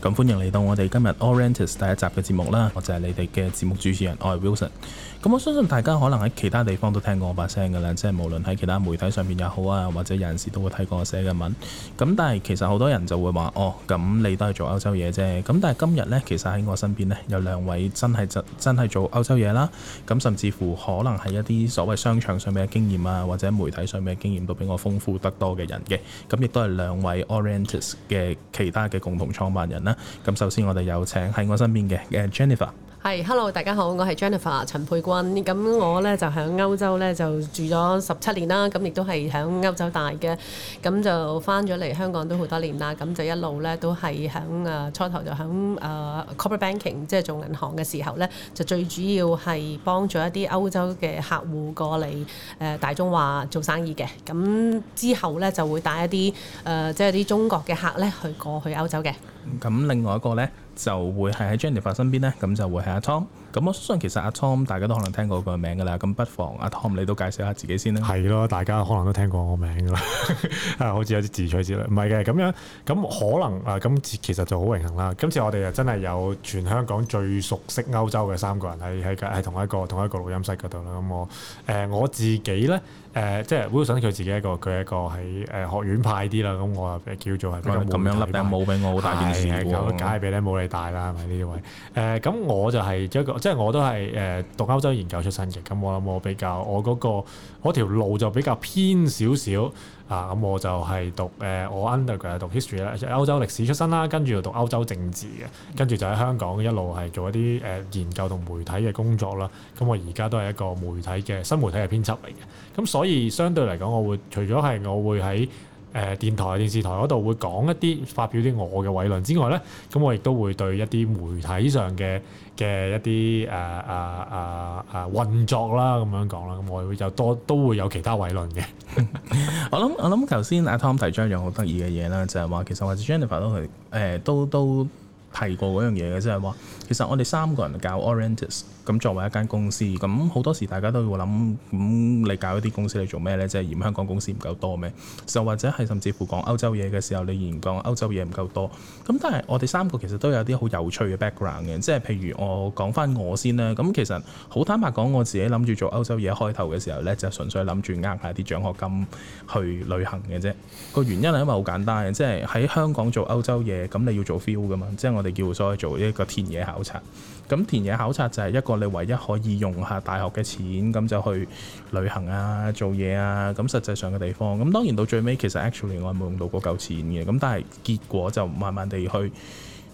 咁歡迎嚟到我哋今日 Orientis 第一集嘅節目啦！我就係你哋嘅節目主持人，我係 Wilson。咁我相信大家可能喺其他地方都聽過我把聲㗎喇，即係無論喺其他媒體上面也好啊，或者有陣時都會睇過我寫嘅文。咁但係其實好多人就會話：哦，咁你都係做歐洲嘢啫。咁但係今日呢，其實喺我身邊呢，有兩位真係真真係做歐洲嘢啦。咁甚至乎可能係一啲所謂商場上面嘅經驗啊，或者媒體上面嘅經驗都比我豐富得多嘅人嘅。咁亦都係兩位 Orientis 嘅其他嘅共同創辦人。咁首先我哋有請喺我身邊嘅誒 Jennifer。係，Hello，大家好，我係 Jennifer 陳佩君。咁我咧就喺歐洲咧就住咗十七年啦。咁亦都係喺歐洲大嘅，咁就翻咗嚟香港都好多年啦。咁就一路咧都係響誒初頭就響誒、啊、Corporate Banking 即係做銀行嘅時候咧，就最主要係幫助一啲歐洲嘅客戶過嚟誒大中華做生意嘅。咁之後咧就會帶一啲誒、呃、即係啲中國嘅客咧去過去歐洲嘅。咁另外一個咧就會係喺 Jennifer 身邊咧，咁就會係阿 Tom。咁我相信其實阿 Tom 大家都可能聽過個名㗎啦，咁不妨阿 Tom 你都介紹下自己先啦。係咯，大家可能都聽過我名㗎啦，係 好似有啲自取之類，唔係嘅咁樣咁可能啊，咁其實就好榮幸啦。今次我哋就真係有全香港最熟悉歐洲嘅三個人喺喺嘅，同一個同一個錄音室嗰度啦。咁我誒、呃、我自己咧。誒、嗯、即係 Wilson 佢自己一個，佢一個喺誒、呃、學院派啲啦。咁我誒叫做係咁樣笠頂、頂帽俾我好大件事、啊啊，梗係俾你冇你大啦，係咪呢啲位？誒、嗯、咁我就係一個，即係我都係誒、呃、讀歐洲研究出身嘅。咁我諗我比較，我嗰、嗰個嗰條路就比較偏少少。啊咁我就係讀誒、呃，我 undergrad 讀 history 即係歐洲歷史出身啦，跟住又讀歐洲政治嘅，跟住就喺香港一路係做一啲誒、呃、研究同媒體嘅工作啦。咁、啊、我而家都係一個媒體嘅新媒體嘅編輯嚟嘅，咁所以相對嚟講，我會除咗係我會喺，誒電台電視台嗰度會講一啲發表啲我嘅偉論之外咧，咁我亦都會對一啲媒體上嘅嘅一啲誒誒誒誒運作啦，咁樣講啦，咁我會就多都、都會有其他偉論嘅。 我諗我諗頭先阿 Tom 提咗一樣好得意嘅嘢啦，就係、是、話其、呃就是、其實我 Jennifer 都係誒都都提過嗰樣嘢嘅，即係話其實我哋三個人教 orientist。咁作為一間公司，咁好多時大家都會諗，咁你搞一啲公司嚟做咩呢？即係嫌香港公司唔夠多咩？就或者係甚至乎講歐洲嘢嘅時候，你嫌講歐洲嘢唔夠多。咁但係我哋三個其實都有啲好有趣嘅 background 嘅，即係譬如我講返我先啦。咁其實好坦白講，我自己諗住做歐洲嘢開頭嘅時候呢，就純粹係諗住呃下啲獎學金去旅行嘅啫。個原因係因為好簡單嘅，即係喺香港做歐洲嘢，咁你要做 feel 㗎嘛，即係我哋叫所謂做一個田野考察。咁田野考察就係一個你唯一可以用下大學嘅錢，咁就去旅行啊、做嘢啊，咁實際上嘅地方。咁當然到最尾，其實 actually 我係冇用到嗰嚿錢嘅，咁但係結果就慢慢地去。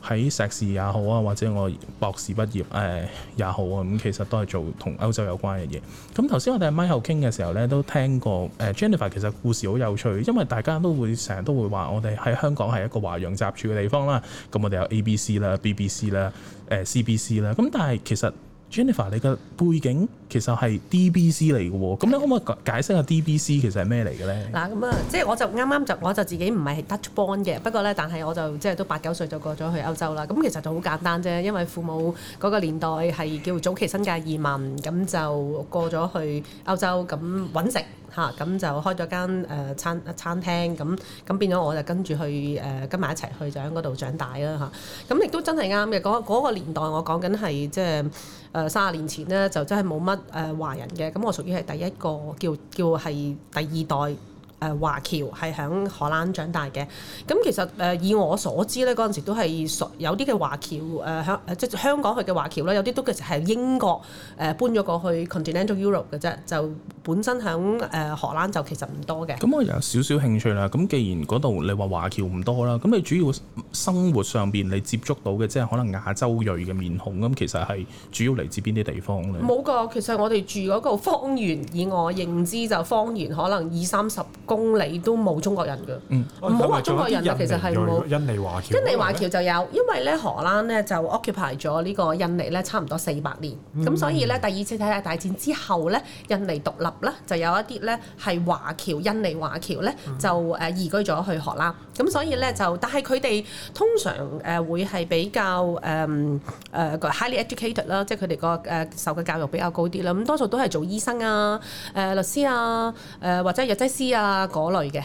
喺碩士也好啊，或者我博士畢業誒也好啊，咁其實都係做同歐洲有關嘅嘢。咁頭先我哋喺咪後傾嘅時候咧，都聽過誒、呃、Jennifer 其實故事好有趣，因為大家都會成日都會話我哋喺香港係一個華洋雜處嘅地方啦。咁我哋有 ABC 啦、BBC 啦、誒、呃、CBC 啦。咁但係其實 Jennifer 你嘅背景，其實係 DBC 嚟嘅喎，咁你可唔可以解釋下 DBC 其實係咩嚟嘅咧？嗱，咁啊，即係我就啱啱就我就自己唔係 Dutch born 嘅，不過咧，但係我就即係都八九歲就過咗去歐洲啦。咁其實就好簡單啫，因為父母嗰個年代係叫早期新界移民，咁就過咗去歐洲咁揾食嚇，咁、啊、就開咗間誒、呃、餐餐廳，咁咁變咗我就跟住去誒、呃、跟埋一齊去就喺嗰度長大啦吓，咁、啊、亦都真係啱嘅，嗰、嗰個年代我講緊係即係誒卅年前咧，就真係冇乜。誒、呃、華人嘅，咁、嗯、我屬於係第一個叫叫係第二代誒、呃、華僑，係喺荷蘭長大嘅。咁、嗯、其實誒、呃、以我所知咧，嗰陣時都係屬有啲嘅華僑誒香、呃、即係香港去嘅華僑咧，有啲都其實係英國誒、呃、搬咗過去 Continental Europe 嘅啫，就。本身喺誒荷蘭就其實唔多嘅，咁我有少少興趣啦。咁既然嗰度你話華僑唔多啦，咁你主要生活上邊你接觸到嘅即係可能亞洲裔嘅面孔咁，其實係主要嚟自邊啲地方咧？冇個，其實我哋住嗰個方圓以我認知就方圓可能二三十公里都冇中國人㗎。嗯，唔好話中國人啦，其實係冇印尼華僑。印尼華僑就有，因為咧荷蘭咧就 occupy 咗呢個印尼咧差唔多四百年，咁所以咧第二次世界大戰之後咧，印尼獨立。.就有一啲咧係華僑、印尼華僑咧，就誒移居咗去荷蘭啦。咁所以咧就，但係佢哋通常誒會係比較誒誒、um, uh, highly educated 啦，即係佢哋個誒受嘅教育比較高啲啦。咁多數都係做醫生啊、誒、呃、律師啊、誒、呃、或者藥劑師啊嗰類嘅。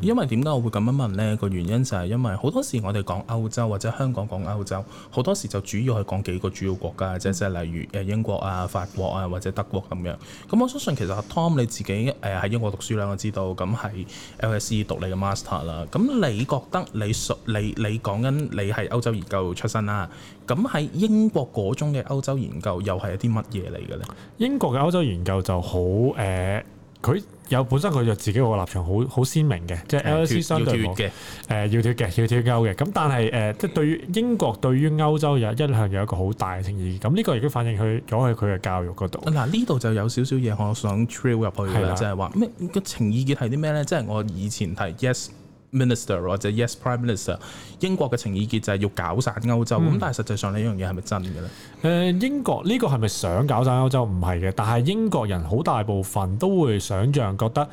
因為點解我會咁樣問呢？個原因就係因為好多時我哋講歐洲或者香港講歐洲，好多時就主要係講幾個主要國家即係、嗯、例如誒英國啊、法國啊或者德國咁樣。咁我相信其實 Tom 你自己誒喺英國讀書啦，我知道咁係 LSE 讀你嘅 master 啦。咁你覺得你熟你你講緊你係歐洲研究出身啦？咁喺英國嗰種嘅歐洲研究又係一啲乜嘢嚟嘅呢？英國嘅歐洲研究就好誒。呃佢有本身佢就自己個立場好好鮮明嘅，即係 LFC 相對嘅，誒要跳腳、呃、要跳勾嘅。咁但係誒，即、呃、係對於英國對於歐洲有一向有一個好大嘅情意。咁、這、呢個亦都反映佢咗喺佢嘅教育嗰度。嗱，呢度就有少少嘢我想 trill 入去啦，啊、就係話咩個情意結係啲咩咧？即係我以前提 yes。Minister 或者 Yes Prime Minister，英國嘅情意結就係要搞散歐洲，咁、嗯、但係實際上是是呢樣嘢係咪真嘅咧？誒，英國呢個係咪想搞散歐洲？唔係嘅，但係英國人好大部分都會想象覺得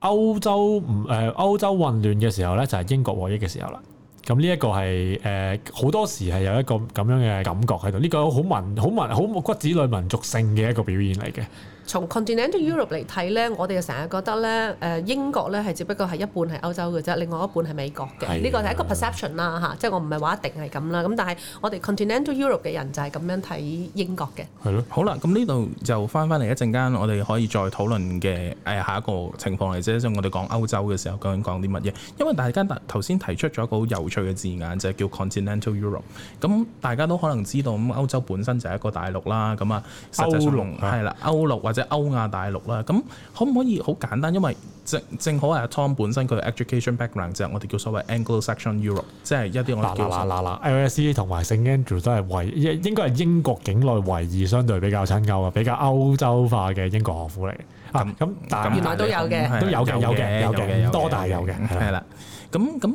歐洲唔誒、呃、歐洲混亂嘅時候咧，就係英國獲益嘅時候啦。咁呢一個係誒好多時係有一個咁樣嘅感覺喺度，呢、呢個好民好民好骨子裏民族性嘅一個表現嚟嘅。從 Continental Europe 嚟睇咧，我哋就成日覺得咧，誒英國咧係只不過係一半係歐洲嘅啫，另外一半係美國嘅。呢的個係一個 perception 啦，嚇，即係我唔係話一定係咁啦。咁但係我哋 Continental Europe 嘅人就係咁樣睇英國嘅。係咯的。好啦，咁呢度就翻返嚟一陣間，我哋可以再討論嘅誒下一個情況嚟啫。即我哋講歐洲嘅時候，究竟講啲乜嘢？因為大家頭先提出咗一個好有趣嘅字眼，就係、是、叫 Continental Europe。咁大家都可能知道，咁歐洲本身就係一個大陸龍啦。咁啊，歐陸係啦，歐陸或即係歐亞大陸啦，咁可唔可以好簡單？因為正正好啊，Tom 本身佢 education background 就係我哋叫所謂 Anglo-Saxon Europe，即係一啲嗱嗱嗱嗱。啦啦啦啦，LSE 同埋 St Andrew 都係唯，應應該係英國境內唯二，相對比較親歐啊，比較歐洲化嘅英國學府嚟啊。咁原來都有嘅，都有嘅，有嘅，有嘅，多大有嘅。係啦，咁咁。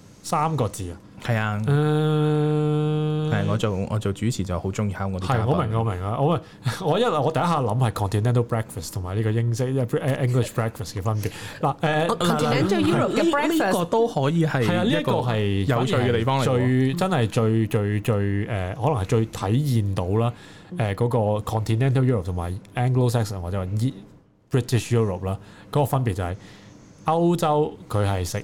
三個字是啊、嗯，係啊，誒，我做我做主持就好中意香港啲係，我明我明啊，我我因為我第一下諗係 Continental Breakfast 同埋呢個英式即係 English Breakfast 嘅分別嗱誒 c o n 呢個都、這個、可以係係啊，呢一個係有趣嘅地方嚟，最真係最最最誒，可能係最體現到啦誒嗰個 Continental Europe 同埋 Anglo-Saxon 或者話英、e、British Europe 啦，嗰個分別就係、是、歐洲佢係食。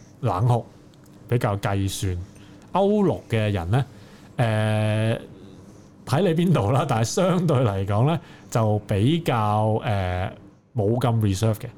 冷酷比較計算歐陸嘅人咧，誒、呃、睇你邊度啦？但係相對嚟講咧，就比較誒冇咁 reserve 嘅。呃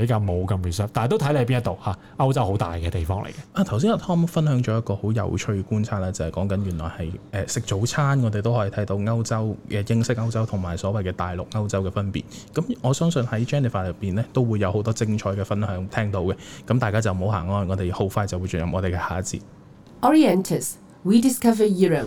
比較冇咁 research 但係都睇你喺邊一度嚇？歐洲好大嘅地方嚟嘅。啊，頭先阿 Tom 分享咗一個好有趣觀察咧，就係講緊原來係誒、呃、食早餐，我哋都可以睇到歐洲嘅英式歐洲同埋所謂嘅大陸歐洲嘅分別。咁我相信喺 Jennifer 入邊咧，都會有好多精彩嘅分享聽到嘅。咁大家就唔好行開，我哋好快就會進入我哋嘅下一節。Orientus，we discover Euro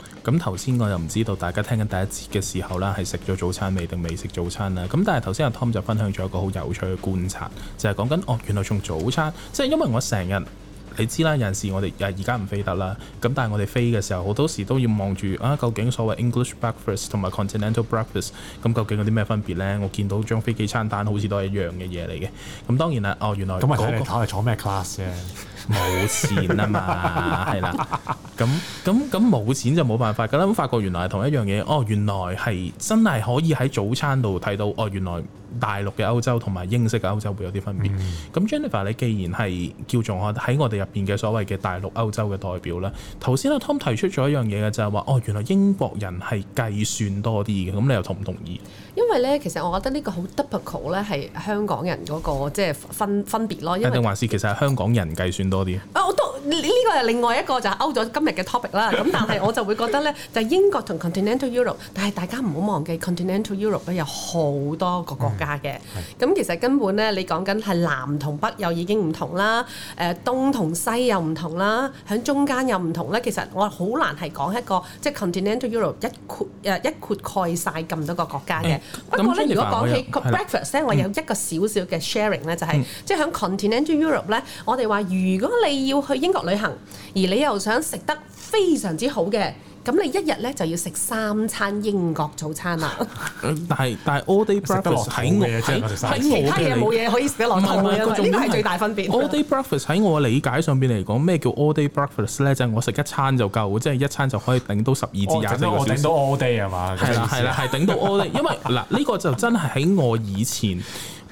咁頭先我又唔知道大家聽緊第一節嘅時候咧，係食咗早餐未定未食早餐啦。咁但係頭先阿 Tom 就分享咗一個好有趣嘅觀察，就係、是、講緊哦，原來從早餐，即係因為我成日你知啦，有陣時我哋而家唔飛得啦。咁但係我哋飛嘅時候，好多時都要望住啊，究竟所謂 English breakfast 同埋 Continental breakfast 咁究竟有啲咩分別呢？我見到張飛機餐單好似都係一樣嘅嘢嚟嘅。咁當然啦，哦原來同埋佢哋睇你坐咩 class 嘅。 冇錢啊嘛，係啦， 咁咁咁冇錢就冇辦法噶啦。咁發覺原來係同一樣嘢哦，原來係真係可以喺早餐度睇到哦。原來大陸嘅歐洲同埋英式嘅歐洲會有啲分別。咁、嗯、Jennifer，你既然係叫做我喺我哋入邊嘅所謂嘅大陸歐洲嘅代表咧，頭先阿 Tom 提出咗一樣嘢嘅就係、是、話哦，原來英國人係計算多啲嘅。咁你又同唔同意？因為咧，其實我覺得呢個好 typical 咧，係香港人嗰、那個即係、就是、分分別咯。一定還是，是其實係香港人計算多啲。啊，我都。呢呢個係另外一個就係勾咗今日嘅 topic 啦。咁但係我就會覺得咧，就係、是、英國同 Continental Europe，但係大家唔好忘記 Continental Europe 咧有好多個國家嘅。咁、嗯嗯、其實根本咧，你講緊係南同北又已經唔同啦，誒東同西又唔同啦，喺中間又唔同咧。其實我好難係講一個即係、就是、Continental Europe 一括一括蓋晒咁多個國家嘅。嗯、不過咧，嗯、如果講 Jennifer 起 breakfast 咧我，有的我有一個小小嘅 sharing 咧、就是，嗯、就係即係喺 Continental Europe 咧，我哋話如果你要去英國。旅行，而你又想食得非常之好嘅，咁你一日咧就要食三餐英國早餐啦。但係但係 all day breakfast 喺我喺其他嘢冇嘢可以食得落肚嘅，呢個係最大分別。All day breakfast 喺我嘅理解上邊嚟講，咩叫 all day breakfast 咧？ 就係我食一餐就夠，即係一餐就可以頂到十二至廿個小時。頂到 all day 係嘛？係啦係啦，係頂到 all day， 因為嗱呢個就真係喺我以前誒。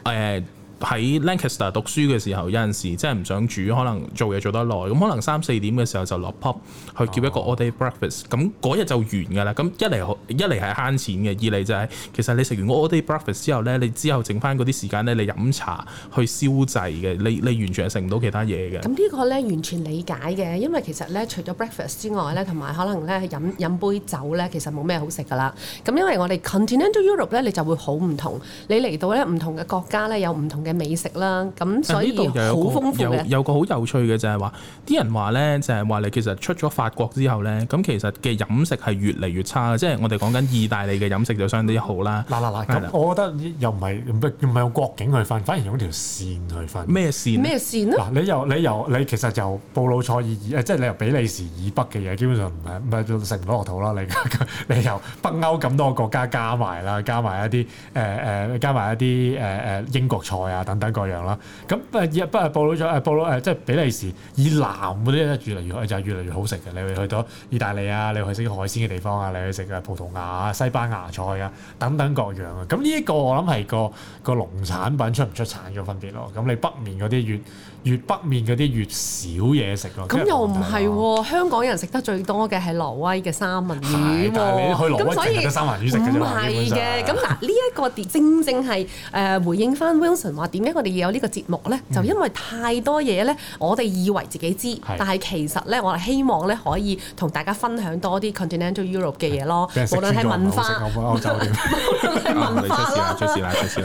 呃喺 Lancaster 讀書嘅時候，有陣時真係唔想煮，可能做嘢做得耐，咁可能三四點嘅時候就落 pub 去叫一個 all-day breakfast，咁嗰日就完㗎啦。咁、嗯、一嚟一嚟係慳錢嘅，二嚟就係、是、其實你食完個 all-day breakfast 之後呢，你之後剩翻嗰啲時間呢，你飲茶去消滯嘅，你你完全係食唔到其他嘢嘅。咁呢個呢，完全理解嘅，因為其實呢，除咗 breakfast 之外呢，同埋可能呢，飲飲杯酒呢，其實冇咩好食㗎啦。咁因為我哋 Continental Europe 呢，你就會好唔同。你嚟到呢，唔同嘅國家呢，有唔同嘅。美食啦，咁所以好豐富，有個好有，有，有趣嘅就係、是、話，啲人話咧就係、是、話你其實出咗法國之後咧，咁其實嘅飲食係越嚟越差。即係、就是、我哋講緊意大利嘅飲食就相當之好啦。嗱嗱嗱，咁了我覺得又唔係唔係用國境去分，反而用條線去分。咩線咩線嗱、啊，你由你由你其實由布魯塞爾，誒、啊、即係你由比利時以北嘅嘢，基本上唔係唔係食唔到落肚啦。你 你由北歐咁多個國家加埋啦，加埋一啲誒誒，加埋一啲誒誒英國菜、呃呃呃、啊。啊啊等等各樣啦，咁誒亦不係暴露咗誒暴露誒，即係比利時以南嗰啲咧越嚟越就係越嚟越好食嘅。你去去到意大利啊，你去食啲海鮮嘅地方啊，你去食嘅葡萄牙啊、西班牙菜啊等等各樣啊。咁呢一個我諗係個個農產品出唔出產嘅分別咯。咁你北面嗰啲越……越北面嗰啲越少嘢食咯，咁又唔係喎？香港人食得最多嘅係挪威嘅三文魚喎。咁所以三文魚食唔係嘅。咁嗱呢一個正正係誒回應翻 Wilson 話點解我哋要有呢個節目咧？就因為太多嘢咧，我哋以為自己知，但係其實咧，我哋希望咧可以同大家分享多啲 Continental Europe 嘅嘢咯。無論係文化，文化啦，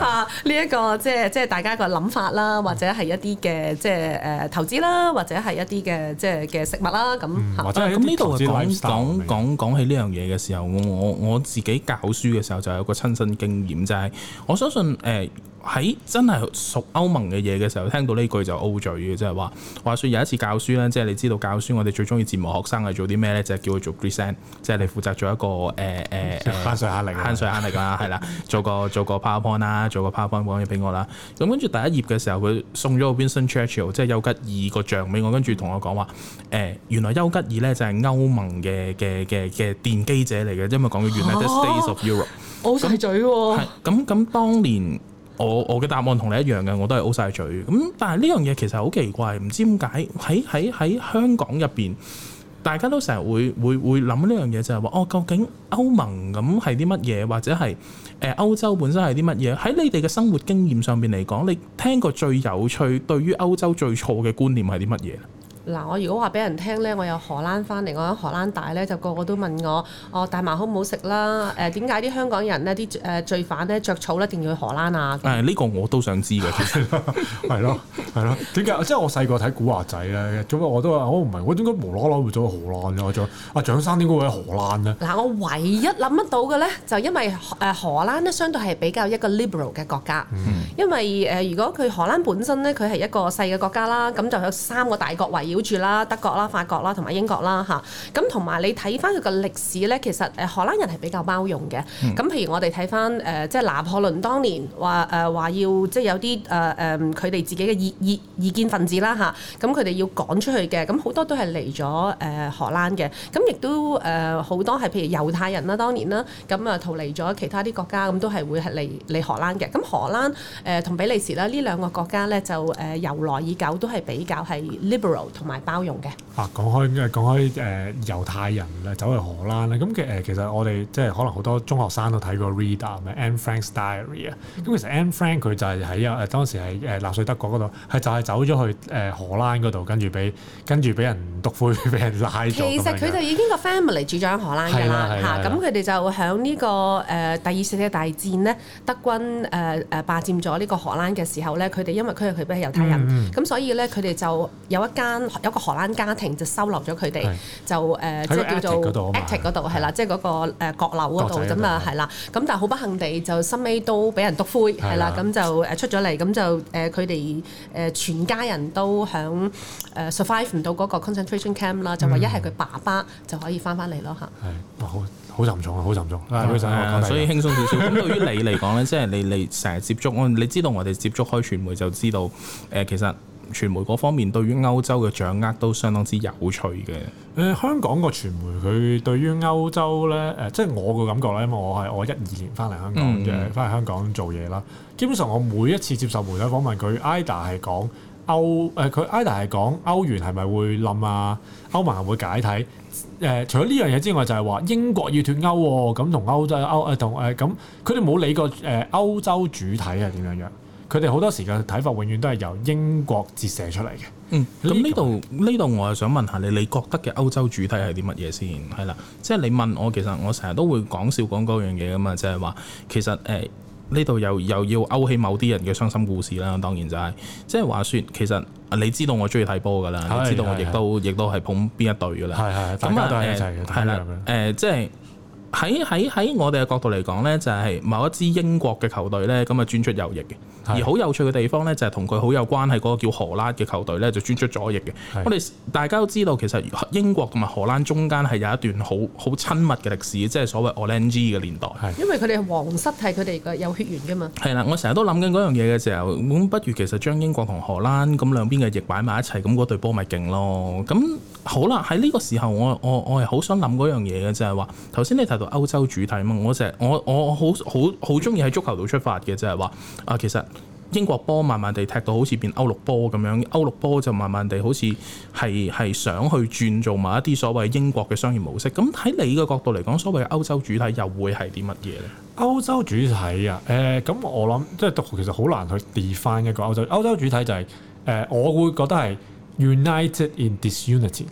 啊呢一個即係即係大家個諗法啦，或者係一啲嘅。即係誒、呃、投資啦，或者係一啲嘅即係嘅食物啦，咁、嗯、或者係咁呢度講講講講起呢樣嘢嘅時候，我我自己教書嘅時候就有一個親身經驗，就係、是、我相信誒。呃嗯喺真係屬歐盟嘅嘢嘅時候，聽到呢句就 O 嘴嘅，即係話話説有一次教書咧，即係你知道教書我哋最中意折磨學生係做啲咩咧，就係叫佢做 present，即係你負責做一個誒誒，翻水壓力翻慳水壓力㗎啦，係啦， 做個做個 powerpoint 啦，做個 powerpoint 講嘢俾我啦。咁跟住第一頁嘅時候，佢送咗個 Vincent Churchill，即係丘吉爾個像俾我，跟住同我講話誒，原來丘吉爾咧就係歐盟嘅嘅嘅嘅奠基者嚟嘅，因為講嘅原來 the states of Europe，O 晒嘴喎。咁咁當年。我我嘅答案同你一樣嘅，我都係烏晒嘴。咁但係呢樣嘢其實好奇怪，唔知點解喺喺喺香港入邊，大家都成日會會會諗呢樣嘢就係、係、話，哦，究竟歐盟咁係啲乜嘢，或者係誒、呃、歐洲本身係啲乜嘢？喺你哋嘅生活經驗上面嚟講，你聽過最有趣對於歐洲最錯嘅觀念係啲乜嘢？嗱、嗯，我如果話俾人聽咧，我由荷蘭翻嚟，我喺荷蘭大咧，就個個都問我：哦，大麻好唔好食啦？誒、呃，點解啲香港人呢？啲誒罪犯咧著草一定要去荷蘭啊？誒，呢個我都想知嘅，係咯，係咯， 點解？即係我細個睇古惑仔咧，咁我都話：我唔係，我點解無啦啦會走去荷蘭？我仲啊，蔣生點解會喺荷蘭呢？嗱、嗯哎，我唯一諗得到嘅咧，就因為誒荷蘭咧，相對係比較一個 liberal 嘅國家，嗯、因為誒如果佢荷蘭本身咧，佢係一個細嘅國家啦，咁就有三個大國位。表住啦，德國啦、法國啦同埋英國啦嚇，咁同埋你睇翻佢個歷史咧，其實誒荷蘭人係比較包容嘅。咁譬、嗯、如我哋睇翻誒，即係拿破崙當年話誒話要即係有啲誒誒佢哋自己嘅意意意見分子啦嚇，咁佢哋要趕出去嘅，咁、嗯、好多都係嚟咗誒荷蘭嘅。咁、嗯、亦都誒好、呃、多係譬如猶太人啦，當年啦，咁啊逃離咗其他啲國家，咁、嗯、都係會係嚟嚟荷蘭嘅。咁、嗯、荷蘭誒同、呃呃、比利時啦，呢兩個國家咧就誒由來已久，都係比較係 liberal。同埋包容嘅。啊，講開講開誒猶太人咧，走去荷蘭咧。咁嘅誒，其實我哋即係可能好多中學生都睇過《Reader》《Anne Frank's Diary》啊。咁其實 Anne Frank 佢就係喺一誒當時係納粹德國嗰度，係就係走咗去誒荷蘭嗰度，跟住俾跟住俾人督灰俾人拉。其實佢就已經個 family 住咗喺荷蘭㗎啦嚇。咁佢哋就響呢個誒第二次世界大戰咧，德軍誒誒霸佔咗呢個荷蘭嘅時候咧，佢哋因為佢係佢係猶太人，咁所以咧佢哋就有一間。有個荷蘭家庭就收留咗佢哋，就誒即係叫做 attic 嗰度，係啦，即係嗰個誒閣樓嗰度，咁啊係啦。咁但係好不幸地，就收尾都俾人篤灰，係啦。咁就誒出咗嚟，咁就誒佢哋誒全家人都響誒 survive 唔到嗰個 concentration camp 啦。就話一係佢爸爸就可以翻翻嚟咯吓，係，好好沉重啊，好沉重。所以輕鬆少少。咁對於你嚟講咧，即係你你成日接觸我，你知道我哋接觸開傳媒就知道誒其實。傳媒嗰方面對於歐洲嘅掌握都相當之有趣嘅。誒、呃、香港個傳媒佢對於歐洲咧，誒、呃、即係我個感覺咧，因為我係我一二年翻嚟香港嘅，翻嚟、嗯、香港做嘢啦。基本上我每一次接受媒體訪問，佢 either 係講歐誒，佢 either 係講歐元係咪會冧啊？歐盟會解體誒、呃？除咗呢樣嘢之外，就係、是、話英國要脱歐喎、哦，咁同歐洲歐誒同誒咁，佢哋冇理過誒、呃、歐洲主體係點樣樣。佢哋好多時嘅睇法，永遠都係由英國折射出嚟嘅。嗯，咁呢度呢度，裡我係想問下你，你覺得嘅歐洲主題係啲乜嘢先？係啦，即、就、係、是、你問我，其實我成日都會講笑講嗰樣嘢噶嘛，即係話其實誒呢度又又要勾起某啲人嘅傷心故事啦。當然就係即係話說，其實你知道我中意睇波㗎啦，的你知道我亦都亦都係捧邊一隊㗎啦。係係，大家一齊啦，誒、呃呃呃呃呃、即係。喺喺喺我哋嘅角度嚟講呢就係、是、某一支英國嘅球隊呢，咁啊專出右翼嘅。是的 而好有趣嘅地方呢，就係同佢好有關係嗰、那個叫荷蘭嘅球隊呢，就專出左翼嘅。是的 我哋大家都知道，其實英國同埋荷蘭中間係有一段好好親密嘅歷史，即係所謂 Orange 嘅年代。因為佢哋皇室係佢哋嘅有血緣㗎嘛。係啦，我成日都諗緊嗰樣嘢嘅時候，咁不如其實將英國同荷蘭咁兩邊嘅翼擺埋一齊，咁嗰對波咪勁咯。咁好啦，喺呢個時候，我我我係好想諗嗰樣嘢嘅，就係話頭先你提到。歐洲主體嘛，我成日我我好好好中意喺足球度出發嘅，就係、是、話啊，其實英國波慢慢地踢到好似變歐陸波咁樣，歐陸波就慢慢地好似係係想去轉做埋一啲所謂英國嘅商業模式。咁喺你嘅角度嚟講，所謂歐洲主體又會係啲乜嘢咧？歐洲主體啊，誒、呃，咁我諗即係其實好難去 define 一個歐洲主體。歐洲主體就係、是、誒、呃，我會覺得係 United in Disunity。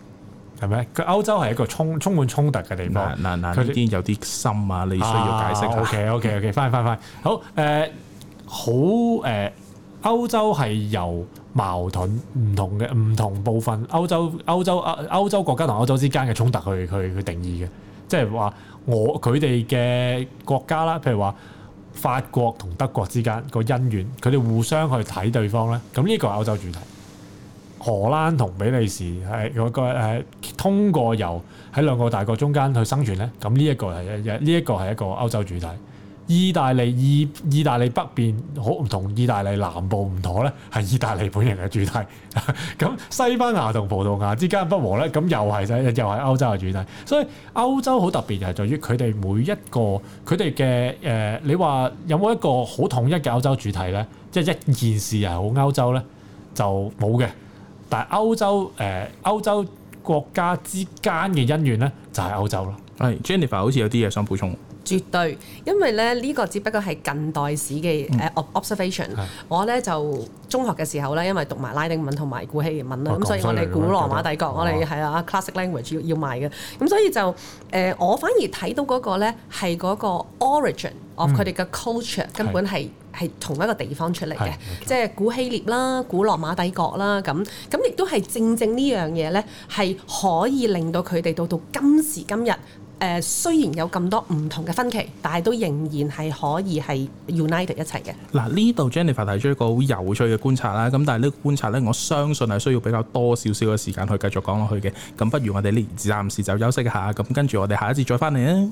係咪？佢歐洲係一個充充滿衝突嘅地方。嗱嗱嗱，呢啲係有啲深啊，你需要解釋下、啊、OK OK OK，翻翻翻。好誒，好、呃、誒，歐洲係由矛盾唔同嘅唔同部分，歐洲歐洲歐歐洲國家同歐洲之間嘅衝突去去去定義嘅，即係話我佢哋嘅國家啦，譬如話法國同德國之間個恩怨，佢哋互相去睇對方啦。咁呢個係歐洲主題。荷蘭同比利時係嗰個誒，通過由喺兩個大國中間去生存咧，咁呢一個係一呢一個係一個歐洲主題。意大利意意大利北邊好唔同意大利南部唔妥咧，係意大利本人嘅主題。咁 西班牙同葡萄牙之間不和咧，咁又係就又係歐洲嘅主題。所以歐洲好特別就係在於佢哋每一個佢哋嘅誒，你話有冇一個好統一嘅歐洲主題咧？即係一件事係好歐洲咧，就冇嘅。但係歐洲誒歐洲國家之間嘅恩怨咧，就係歐洲咯。係，Jennifer 好似有啲嘢想補充。絕對，因為咧呢個只不過係近代史嘅誒 observation。我咧就中學嘅時候咧，因為讀埋拉丁文同埋古希臘文啦，咁所以我哋古羅馬帝國，我哋係啊 classic language 要要買嘅。咁所以就誒，我反而睇到嗰個咧係嗰個 origin of 佢哋嘅 culture 根本係。係同一個地方出嚟嘅，的即係古希臘啦、古羅馬帝國啦，咁咁亦都係正正呢樣嘢呢，係可以令到佢哋到到今時今日，誒、呃、雖然有咁多唔同嘅分歧，但係都仍然係可以係 united 一齊嘅。嗱、啊，呢度 Jennifer 提出一個好有趣嘅觀察啦，咁但係呢個觀察呢，我相信係需要比較多少少嘅時間去繼續講落去嘅。咁不如我哋呢暫時就休息下，咁跟住我哋下一節再翻嚟啊！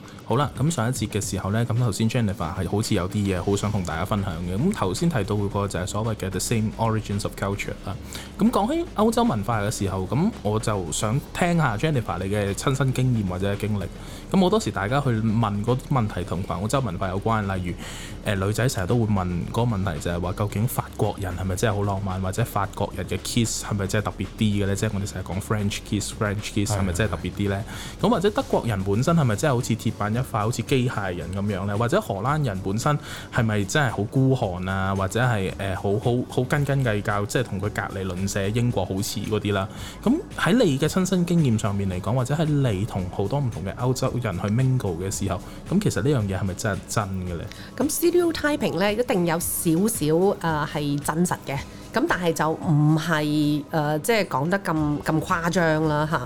好啦，咁上一節嘅時候呢，咁頭先 Jennifer 係好似有啲嘢好想同大家分享嘅。咁頭先提到嗰個就係所謂嘅 the same origins of culture 啦。咁講起歐洲文化嘅時候，咁我就想聽下 Jennifer 你嘅親身經驗或者經歷。咁好多時大家去問個問題同埋歐洲文化有關，例如誒、呃、女仔成日都會問嗰個問題就係話，究竟法國人係咪真係好浪漫，或者法國人嘅 kiss 係咪真係特別啲嘅呢？即係我哋成日講 French kiss, French kiss，French kiss 係咪真係特別啲呢？咁的或者德國人本身係咪真係好似鐵板一塊好似機械人咁樣咧，或者荷蘭人本身係咪真係好孤寒啊？或者係誒、呃、好好好斤斤計較，即係同佢隔離鄰舍英國好似嗰啲啦。咁喺你嘅親身經驗上面嚟講，或者喺你同好多唔同嘅歐洲人去 mingle 嘅時候，咁其實是是真的真的呢樣嘢係咪真係真嘅咧？咁 Cultural Typing 咧一定有少少誒係真實嘅。咁但係就唔係誒，即係講得咁咁誇張啦嚇。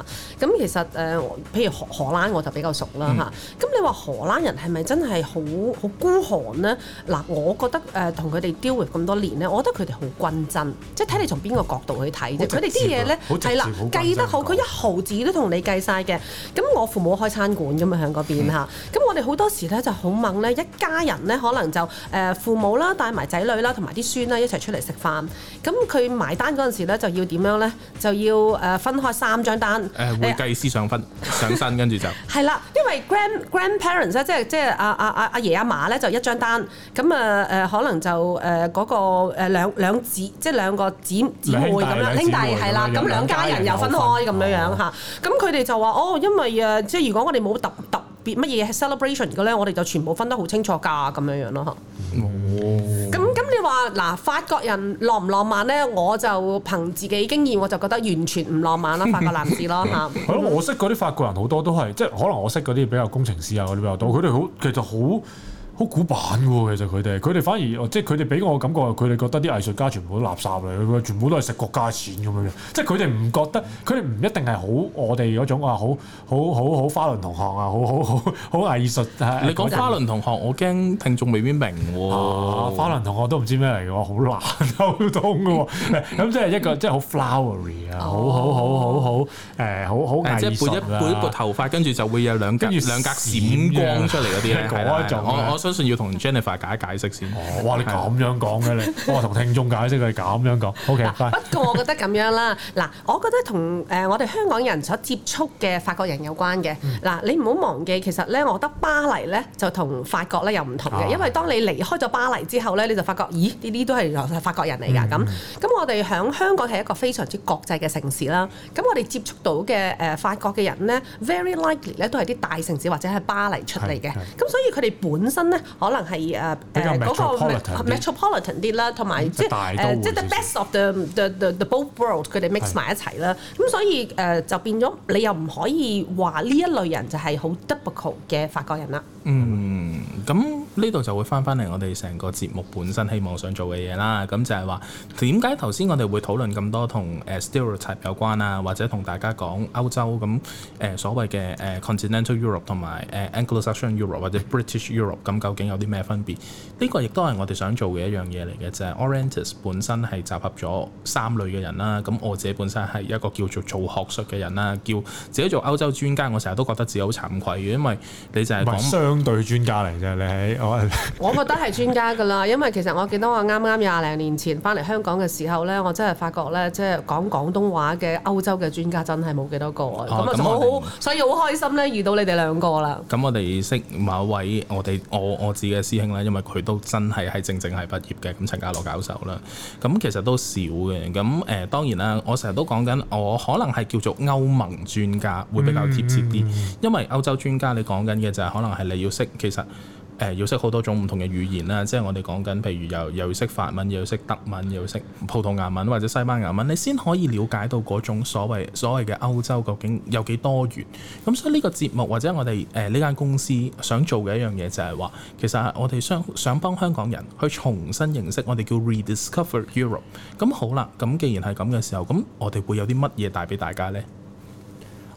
咁、啊、其實誒、呃，譬如荷荷蘭我就比較熟啦嚇。咁、嗯啊、你話荷蘭人係咪真係好好孤寒咧？嗱、啊，我覺得誒同佢哋 deal 咁多年咧，呃 so、years, 我覺得佢哋好均真，即係睇你從邊個角度去睇啫。佢哋啲嘢咧係啦，計得好，佢一毫子都同你計晒嘅。咁我父母開餐館噶嘛，喺嗰邊嚇。咁、嗯、我哋好多時咧就好猛咧，一家人咧可能就誒、呃、父母啦，帶埋仔女啦，同埋啲孫啦一齊出嚟食飯。咁佢埋單嗰陣時咧，就要點樣咧？就要誒分開三張單。誒會計師上分上身，跟住就係啦。因為 grand grandparents 啊，即係即係阿阿阿阿爺阿嫲咧，就一張單。咁啊誒，可能就誒嗰個誒兩兩即係兩個子姊妹咁樣兄弟係啦。咁兩家人又分開咁樣樣嚇。咁佢哋就話哦，因為啊，即係如果我哋冇特特別乜嘢 celebration 嘅咧，我哋就全部分得好清楚㗎咁樣樣咯哦。咁。即係話嗱，法國人浪唔浪漫咧？我就憑自己經驗，我就覺得完全唔浪漫啦，法國男士咯嚇。係咯、 嗯，我識嗰啲法國人好多都係，即係可能我識嗰啲比較工程師啊，嗰啲比較多，佢哋好其實好。好古板喎，其實佢哋，佢哋反而即係佢哋俾我感覺，佢哋覺得啲藝術家全部都垃圾嚟，佢全部都係食國家錢咁樣嘅，即係佢哋唔覺得，佢哋唔一定係好我哋嗰種啊，好好好好花輪同學啊，好好好好藝術。你講花輪同學，我驚聽眾未必明喎。花輪同學都唔知咩嚟嘅喎，好難溝通嘅喎。咁即係一個即係好 flowery 啊，好好好好好誒，好好即係撥一撥一撥頭髮，跟住就會有兩跟住兩格閃光出嚟嗰啲一種。相信要同 Jennifer 解解釋先喎、哦。哇！你咁樣講嘅你，我同、 哦、聽眾解釋佢咁樣講。 O.K.，bye 不過我覺得咁樣啦。嗱， 我覺得同誒我哋香港人所接觸嘅法國人有關嘅。嗱、嗯，你唔好忘記，其實咧，我覺得巴黎咧就同法國咧又唔同嘅，因為當你離開咗巴黎之後咧，你就發覺，咦？呢啲都係法國人嚟㗎。咁咁、嗯，我哋喺香港係一個非常之國際嘅城市啦。咁我哋接觸到嘅誒法國嘅人咧，very likely 咧都係啲大城市或者係巴黎出嚟嘅。咁的所以佢哋本身可能係誒誒嗰個 metropolitan 啲啦，同埋即係誒即係 the best of the the the both world 佢哋 mix 埋一齊啦。咁是、啊、所以誒、啊、就變咗，你又唔可以話呢一類人就係好 difficult 嘅法國人啦。嗯，咁呢度就會翻翻嚟我哋成個節目本身希望想做嘅嘢啦。咁就係話點解頭先我哋會討論咁多同誒 stereotype 有關啊，或者同大家講歐洲咁誒、呃、所謂嘅誒、呃、continental Europe 同埋誒 Anglo-Saxon Europe 或者 British Europe 咁。究竟有啲咩分別？呢、這個亦都係我哋想做嘅一樣嘢嚟嘅就啫、是。Orientis 本身係集合咗三類嘅人啦。咁我自己本身係一個叫做做學術嘅人啦，叫自己做歐洲專家。我成日都覺得自己好慚愧，因為你就係講相對專家嚟嘅。你喺我， 我覺得係專家㗎啦，因為其實我記得我啱啱廿零年前返嚟香港嘅時候呢，我真係發覺呢，即係講廣東話嘅歐洲嘅專家真係冇幾多個啊。咁、哦、好，所以好開心呢，遇到你哋兩個啦。咁我哋識某位，我哋我。我我自己嘅師兄咧，因為佢都真係係正正係畢業嘅，咁陳家洛教授啦，咁其實都少嘅。咁誒、呃、當然啦，我成日都講緊，我可能係叫做歐盟專家會比較貼切啲，嗯嗯嗯，因為歐洲專家你講緊嘅就係可能係你要識其實。誒、呃、要識好多種唔同嘅語言啦，即係我哋講緊，譬如又又識法文，又識德文，又識葡萄牙文或者西班牙文，你先可以了解到嗰種所謂所謂嘅歐洲究竟有幾多元。咁所以呢個節目或者我哋誒呢間公司想做嘅一樣嘢就係話，其實、啊、我哋想想幫香港人去重新認識我哋叫 Rediscover Europe。咁好啦，咁既然係咁嘅時候，咁我哋會有啲乜嘢帶俾大家呢？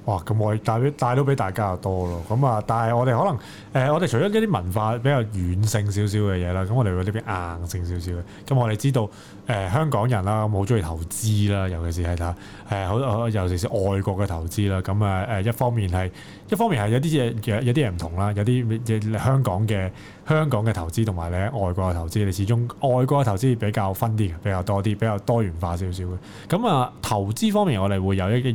哇！咁我帶俾帶到俾大家又多咯，咁啊，但係我哋可能誒、呃，我哋除咗一啲文化比較軟性少少嘅嘢啦，咁我哋會呢邊硬性少少嘅。咁我哋知道誒、呃、香港人啦，咁好中意投資啦，尤其是係睇下誒，好、呃、尤其是外國嘅投資啦，咁啊誒一方面係一方面係有啲嘢有啲嘢唔同啦，有啲香港嘅香港嘅投資同埋你喺外國嘅投資，你始終外國嘅投資比較分啲嘅，比較多啲，比較多元化少少嘅。咁啊，投資方面我哋會有一一一系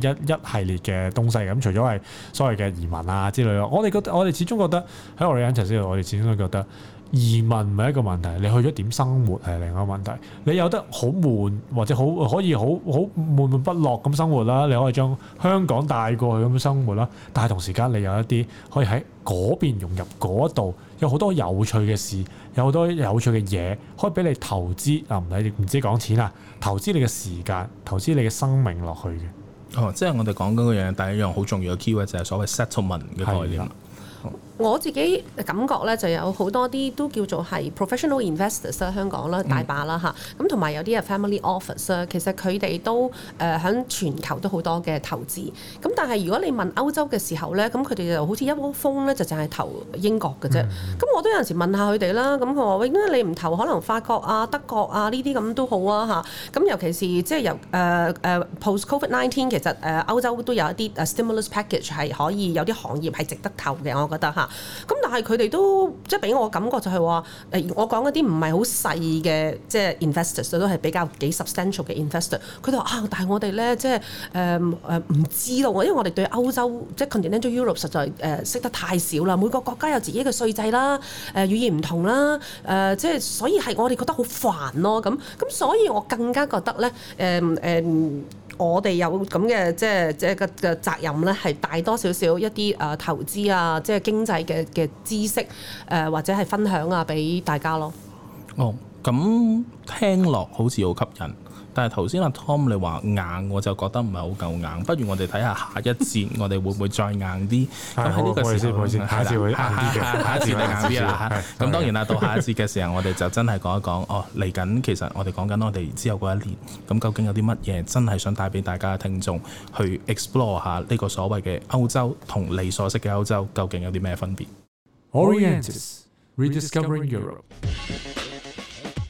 列嘅東西。咁除咗係所謂嘅移民啊之類咯，我哋覺得我哋始終覺得喺我哋眼前先，我哋始終都覺得移民唔係一個問題，你去咗點生活係另外一個問題。你有得好悶或者好可以好好悶悶不樂咁生活啦，你可以將香港帶過去咁生活啦。但係同時間你有一啲可以喺嗰邊融入嗰度，有好多，多有趣嘅事，有好多有趣嘅嘢，可以俾你投資啊，唔理你唔知講錢啊，投資你嘅時間，投資你嘅生命落去嘅。哦，即係我哋講緊嗰樣嘢，第一樣好重要嘅 keyword 就係所謂 settlement 嘅概念。我自己感覺咧就有好多啲都叫做係 professional investors 香港啦大把啦嚇、嗯。咁同埋有啲係 family office 其實佢哋都誒響全球都好多嘅投資。咁但係如果你問歐洲嘅時候咧，咁佢哋就好似一窩蜂咧就淨係投英國嘅啫。咁、嗯、我都有陣時問下佢哋啦，咁佢話喂，點解你唔投可能法國啊、德國啊呢啲咁都好啊嚇？咁尤其是即係由誒誒、呃呃、post COVID-19 其實誒、呃、歐洲都有一啲 stimulus package 係可以有啲行業係值得投嘅我。得嚇，咁但係佢哋都即係俾我感覺就係話，誒我講嗰啲唔係好細嘅，即係 investors 都係比較幾 substantial 嘅 investor。佢哋話啊，但係我哋咧，即係誒誒唔知道，因為我哋對歐洲即係 continental Europe 實在誒、嗯、識得太少啦，每個國家有自己嘅稅制啦，誒、呃、語言唔同啦，誒、呃、即係所以係我哋覺得好煩咯。咁、嗯、咁、嗯，所以我更加覺得咧，誒、嗯、誒、嗯，我哋有咁嘅即係即係嘅嘅責任咧，係帶多少少一啲誒、uh, 投資啊，即係。經濟嘅嘅知識，誒、呃、或者係分享啊，俾大家咯。哦，咁聽落好似好吸引。但係頭先阿 Tom 你話硬，我就覺得唔係好夠硬。不如我哋睇下下一節，我哋會唔會再硬啲？咁喺呢個了下一節會硬啲嘅。 下一節會硬啲啦。咁當然啦、啊， 到下一節嘅時候，我哋就真係講一講哦。嚟緊其實我哋講緊我哋之後嗰一年，咁究竟有啲乜嘢真係想帶俾大家嘅聽眾去 explore 下呢個所謂嘅歐洲同你所識嘅歐洲，究竟有啲咩分別？Origins, Rediscovering Europe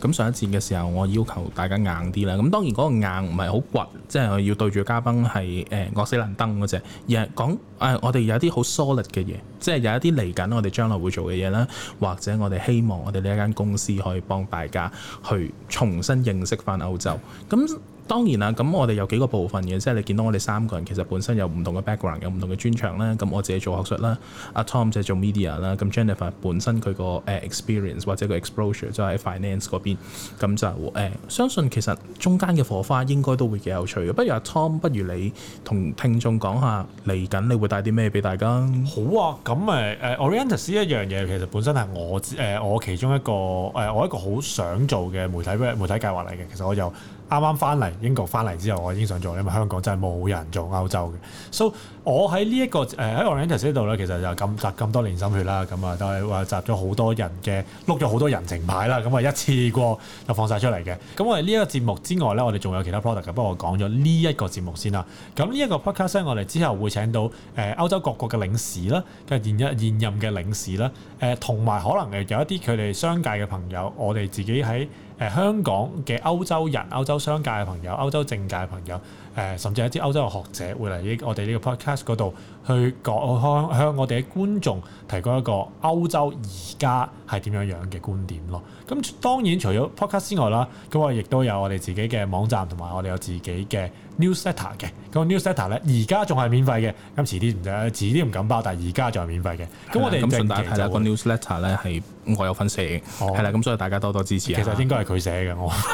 咁上一次嘅時候，我要求大家硬啲啦。咁當然嗰個硬唔係好倔，即係我要對住嘉賓係誒、呃、惡死爛登嗰隻，而係講誒、呃、我哋有啲好 solid 嘅嘢，即係有一啲嚟緊我哋將來會做嘅嘢啦，或者我哋希望我哋呢一間公司可以幫大家去重新認識翻歐洲。咁當然啦，咁我哋有幾個部分嘅，即係你見到我哋三個人其實本身有唔同嘅 background，有唔同嘅專長啦。咁我自己做學術啦，阿 Tom 就係做 media 啦。咁 Jennifer 本身佢個誒 experience 或者個 exposure 就喺 finance 嗰邊，咁就誒相信其實中間嘅火花應該都會幾有趣嘅。不如阿 Tom，不如你同聽眾講下嚟緊，你會帶啲咩俾大家？好啊，咁誒誒，Orientus 一樣嘢其實本身係我誒我其中一個誒我一個好想做嘅媒體媒體計劃嚟嘅。其實我就。啱啱翻嚟英國翻嚟之後，我已經想做，因為香港真係冇人做歐洲嘅，So，我喺、這個呃、呢一個誒喺 Orientus 呢度咧，其實就咁集咁多年心血啦，咁啊都係話集咗好多人嘅，碌咗好多人情牌啦，咁啊一次過就放晒出嚟嘅。咁我哋呢一個節目之外咧，我哋仲有其他 product 嘅，不過我講咗呢一個節目先啦。咁呢一個 podcast 咧，我哋之後會請到誒、呃、歐洲各國嘅領事啦，嘅現一現任嘅領事啦，誒同埋可能誒有一啲佢哋商界嘅朋友，我哋自己喺。誒、呃、香港嘅歐洲人、歐洲商界嘅朋友、歐洲政界嘅朋友，誒、呃、甚至有一啲歐洲嘅學者會嚟呢，我哋呢個 podcast 嗰度。去向向我哋嘅觀眾提供一個歐洲而家係點樣樣嘅觀點咯。咁當然除咗 podcast 之外啦，咁我亦都有我哋自己嘅網站同埋我哋有自己嘅 newsletter 嘅。個 newsletter 咧而家仲係免費嘅。咁遲啲唔就遲啲唔敢包，但係而家仲係免費嘅。咁的我哋咁順帶係啦，會個 newsletter 咧係我有份寫嘅，係啦、哦。咁所以大家多多支持。其實應該係佢寫嘅，我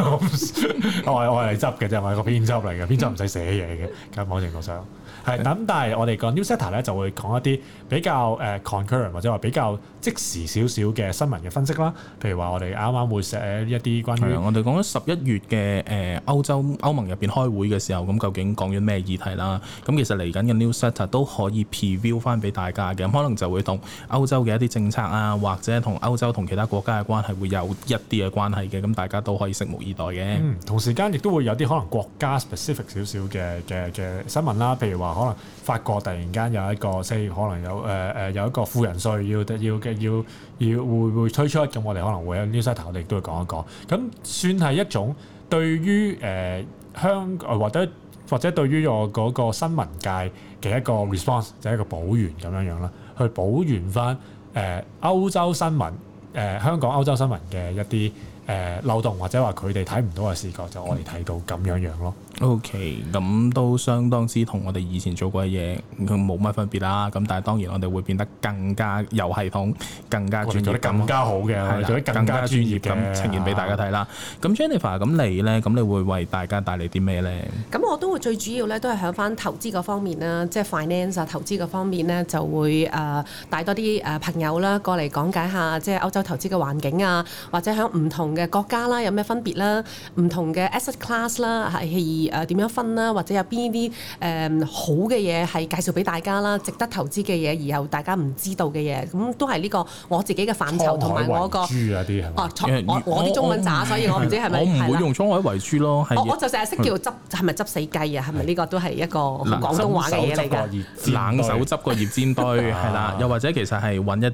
我係我執嘅啫，我係個 編輯嚟嘅，編輯唔使寫嘢嘅。喺網上度上係咁，但係我哋講咧就會講一啲比較誒、uh, concurrent 或者話比較即時少少嘅新聞嘅分析啦，譬如話我哋啱啱會寫一啲關於我哋講緊十一月嘅誒、呃、歐洲歐盟入邊開會嘅時候，咁究竟講緊咩議題啦？咁其實嚟緊嘅 newsletter 都可以 preview 翻俾大家嘅，咁可能就會同歐洲嘅一啲政策啊，或者同歐洲同其他國家嘅關係會有一啲嘅關係嘅，咁大家都可以拭目以待嘅、嗯。同時間亦都會有啲可能國家 specific 少少嘅嘅嘅新聞啦，譬如話可能法國突然間。有一個，雖然可能有誒誒、呃呃、有一個富人稅要要嘅要要會唔會推出一種，我哋可能會喺 newsletter，我哋亦都會講一講。咁算係一種對於誒、呃、香港或者或者對於我嗰個新聞界嘅一個 response，就係一個補完咁樣樣啦，去補完翻誒歐洲新聞誒、呃、香港歐洲新聞嘅一啲誒、呃、漏洞，或者話佢哋睇唔到嘅視角，就我哋睇到咁樣樣咯。O.K. 咁都相當之同我哋以前做過嘅嘢，佢冇乜分別啦。咁但係當然我哋會變得更加有系統、更加專業，做得更加好嘅，係、嗯、做得更加專業嘅啦呈現俾大家睇啦。咁 Jennifer 咁你咧，咁你會為大家帶嚟啲咩咧？咁我都會最主要咧，都係喺翻投資嗰方面啦，即係 finance 啊投資嗰方面咧就會誒帶多啲誒朋友啦過嚟講解下即係、就是、歐洲投資嘅環境啊，或者喺唔同嘅國家啦有咩分別啦，唔同嘅 asset class 啦係。誒點樣分啦？或者有邊啲誒好嘅嘢係介紹俾大家啦？值得投資嘅嘢，然後大家唔知道嘅嘢，咁都係呢個我自己嘅範疇同埋我個哦，我我啲中文渣，所以我唔知係咪係啦。我唔會用倉位為主咯。我我就成日識叫執係咪執死雞啊？係咪呢個都係一個廣東話嘅嘢嚟㗎？冷手執個熱煎堆係啦，又或者其實係揾一啲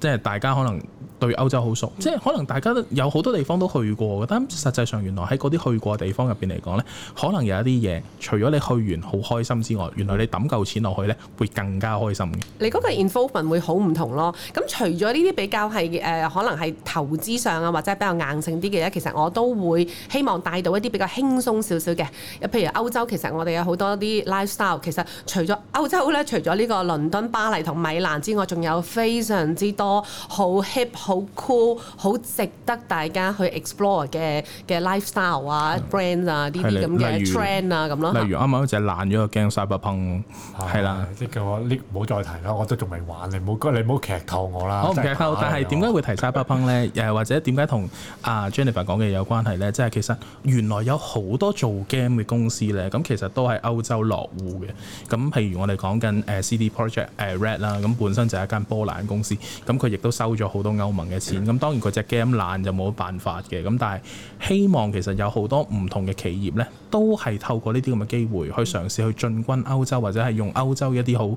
即係大家可能，對歐洲好熟，即係可能大家都有好多地方都去過嘅。但係實際上，原來喺嗰啲去過地方入邊嚟講呢可能有一啲嘢，除咗你去完好開心之外，原來你抌夠錢落去呢會更加開心嘅。嗯、你嗰個 information 會好唔同咯。咁除咗呢啲比較係誒、呃，可能係投資上啊，或者比較硬性啲嘅嘢，其實我都會希望帶到一啲比較輕鬆少少嘅。譬如歐洲，其實我哋有好多啲 lifestyle。其實除咗歐洲呢，除咗呢個倫敦、巴黎同米蘭之外，仲有非常之多好 hip 好 cool，好值得大家去 explore 嘅嘅 lifestyle 啊的，brand 啊，呢啲咁嘅 trend 啊，咁咯。例如啱啱就爛咗個 game《Cyberpunk》，係啦，呢個呢唔好再提啦。我都仲未玩，你唔好你唔好劇透我啦。好唔劇透，但係點解會提呢《Cyberpunk》咧？又或者點解同阿 Jennifer 講嘅有關係咧？即係其實原來有好多做 game 嘅公司咧，咁其實都係歐洲落戶嘅。咁譬如我哋講緊誒 CD Projekt 誒 Red 啦，咁本身就係一間波蘭公司，咁佢亦都收咗好多歐嘅錢，咁當然佢隻 game 爛就冇辦法嘅，咁但係希望其實有好多唔同嘅企業呢，都係透過呢啲咁嘅機會去嘗試去進軍歐洲，或者係用歐洲一啲好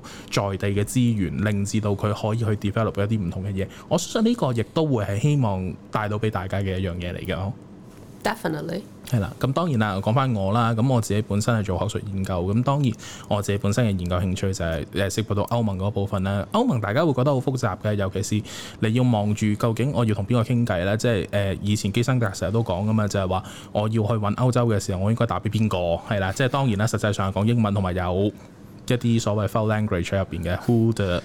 在地嘅資源，令至到佢可以去 develop 一啲唔同嘅嘢。我相信呢個亦都會係希望帶到俾大家嘅一樣嘢嚟嘅，呵。Definitely. 係啦，咁當然啦，講翻我啦，咁我自己本身係做口述研究，咁當然我自己本身嘅研究興趣就係誒涉及到歐盟嗰部分啦。歐盟大家會覺得好複雜嘅，尤其是你要望住究竟我要同邊個傾偈咧，即係誒、呃、以前基辛格成日都講㗎嘛，就係、是、話我要去揾歐洲嘅時候，我應該打俾邊個係啦？即係當然啦，實際上係講英文同埋有一啲所謂 found language 入邊嘅，who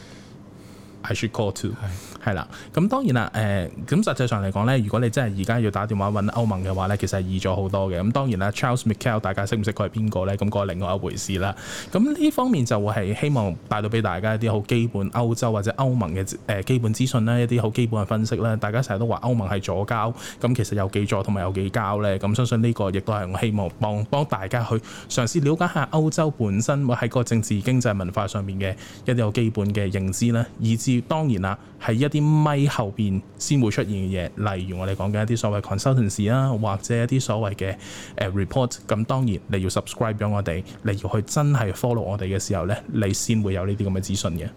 I should call to 係啦，咁當然啦，誒、呃，咁實際上嚟講咧，如果你真係而家要打電話揾歐盟嘅話咧，其實係易咗好多嘅。咁當然啦，Charles Michel，大家識唔識佢係邊個咧？咁嗰係另外一回事啦。咁呢方面就會係希望帶到俾大家一啲好基本歐洲或者歐盟嘅誒、呃、基本資訊啦，一啲好基本嘅分析啦。大家成日都話歐盟係左交，咁其實有幾左同埋有幾交咧？咁相信呢個亦都係我希望幫幫大家去嘗試了解下歐洲本身或喺個政治經濟文化上面嘅一啲好基本嘅認知啦。以至當然啦，係一。啲咪後邊先會出現嘅嘢，例如我哋講緊一啲所謂 consultants 啊，或者一啲所謂嘅誒 report。咁、呃、當然，你要 subscribe 咗我哋，你要去真係 follow 我哋嘅時候咧，你先會有呢啲咁嘅資訊嘅。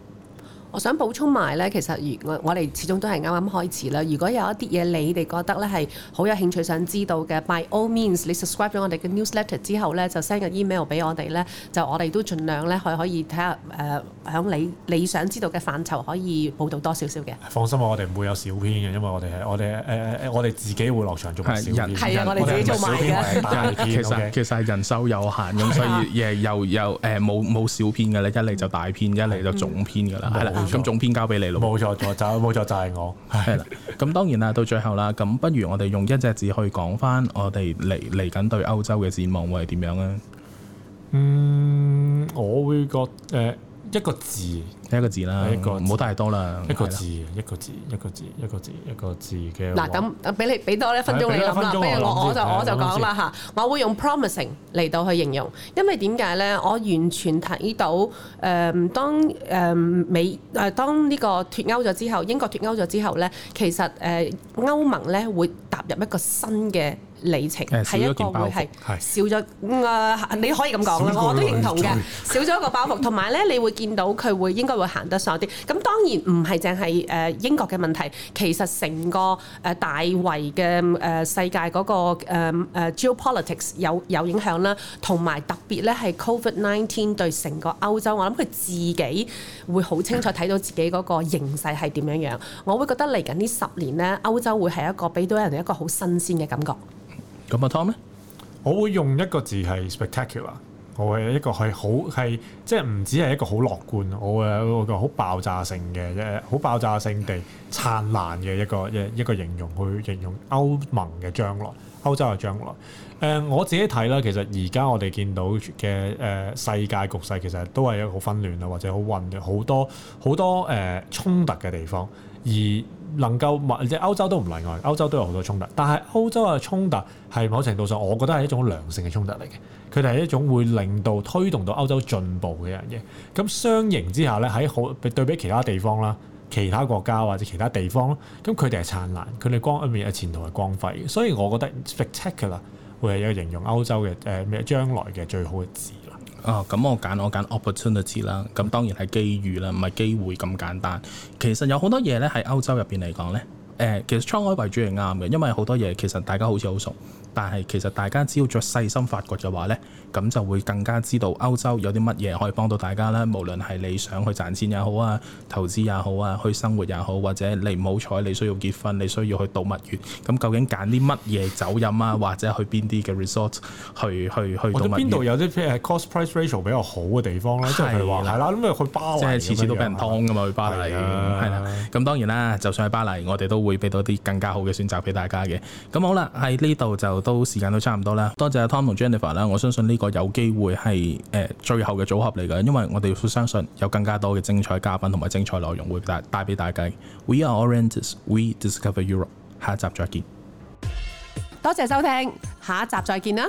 我想補充埋咧，其實我我哋始終都係啱啱開始啦。如果有一啲嘢你哋覺得咧係好有興趣想知道嘅，by all means，你 subscribe 咗我哋嘅 newsletter 之後咧，就 send 個 email 俾我哋咧，就我哋都盡量咧去可以睇下誒。呃喺你，你想知道嘅範疇可以報導多少少嘅。放心，我哋唔會有小編嘅，因為我哋係我哋誒誒我哋自己會落場做小編人係我哋自己做埋嘅。其實其實係人手有限咁，所以又又誒冇冇小編嘅咧，一嚟就大編，一嚟就總編㗎啦。係啦，咁總編交俾你囉。冇錯，冇錯，冇 錯，就係、係就係、我係啦。咁 當然啦，到最後啦，咁不如我哋用一隻字去講返我哋嚟嚟緊對歐洲嘅展望會係點樣咧？嗯，我會覺誒。呃一個字，一個字啦，一個唔好太多啦。一個字，一個字，一個字，一個字，一個字嘅。嗱，等等，俾你俾多一分鐘你諗啦，不如我我就我就講啦嚇。我會用 promising 嚟到去形容，因為點解咧？我完全睇到誒，當誒美誒當呢個脱歐咗之後，英國脱歐咗之後咧，其實誒歐盟咧會踏入一個新嘅里程係一,一個會係少咗誒是、嗯，你可以咁講啦，我都認同嘅。少咗一個包袱，同埋咧，你會見到佢會應該會行得上啲。咁當然唔係淨係誒英國嘅問題，其實成個誒大圍嘅誒世界嗰、那個誒、嗯啊、Geopolitics 有有影響啦。同埋特別咧係 COVID-19 對成個歐洲，我諗佢自己會好清楚睇到自己嗰個形勢係點樣樣。嗯、我會覺得嚟緊呢十年咧，歐洲會係一個俾到人哋一個好新鮮嘅感覺。咁阿 Tom 咧，我會用一個字係 spectacular，我係一個係好係即係唔止係一個好樂觀，我係一個好爆炸性嘅誒，好、呃、爆炸性地燦爛嘅一個一一個形容去形容歐盟嘅將來，歐洲嘅將來。誒、呃，我自己睇啦，其實而家我哋見到嘅誒、呃、世界局勢其實都係一個好紛亂啊，或者好混亂好多好多誒、呃、衝突嘅地方。而能夠物，或者歐洲都唔例外，歐洲都有好多衝突。但係歐洲嘅衝突係某程度上，我覺得係一種良性嘅衝突嚟嘅。佢哋係一種會令到推動到歐洲進步嘅一樣嘢。咁相形之下咧，喺好對比其他地方啦、其他國家或者其他地方咯，咁佢哋係燦爛，佢哋光一面嘅前途係光輝。所以我覺得 Spectacular 會係一個形容歐洲嘅誒將來嘅最好嘅字。哦，咁我揀我揀 opportunity 啦，咁當然係機遇啦，唔係機會咁簡單。其實有好多嘢咧喺歐洲入邊嚟講咧，誒、呃、其實窗外為主係啱嘅，因為好多嘢其實大家好似好熟，但係其實大家只要再細心發掘嘅話咧。咁就會更加知道歐洲有啲乜嘢可以幫到大家啦。無論係你想去賺錢也好啊，投資也好啊，去生活也好，或者你唔好彩你需要結婚，你需要去度蜜月，咁究竟揀啲乜嘢酒飲啊？或者去邊啲嘅 resort 去去去？去去或者邊度有啲譬如係 cost-price ratio 比較好嘅地方咧？即係話，係係啦，咁咪、啊、去巴黎。即係次次都俾人劏㗎嘛，去巴黎。係啦，咁當然啦，就算係巴黎，我哋都會俾到啲更加好嘅選擇俾大家嘅。咁好啦，喺呢度就都時間都差唔多啦。多謝 Tom 同 Jennifer 啦，我相信呢、呢個個有機會係誒、呃、最後嘅組合嚟嘅，因為我哋相信有更加多嘅精彩嘉賓同埋精彩內容會帶帶俾大家。We are Orientals, We discover Europe。下一集再見。多謝收聽，下一集再見啦。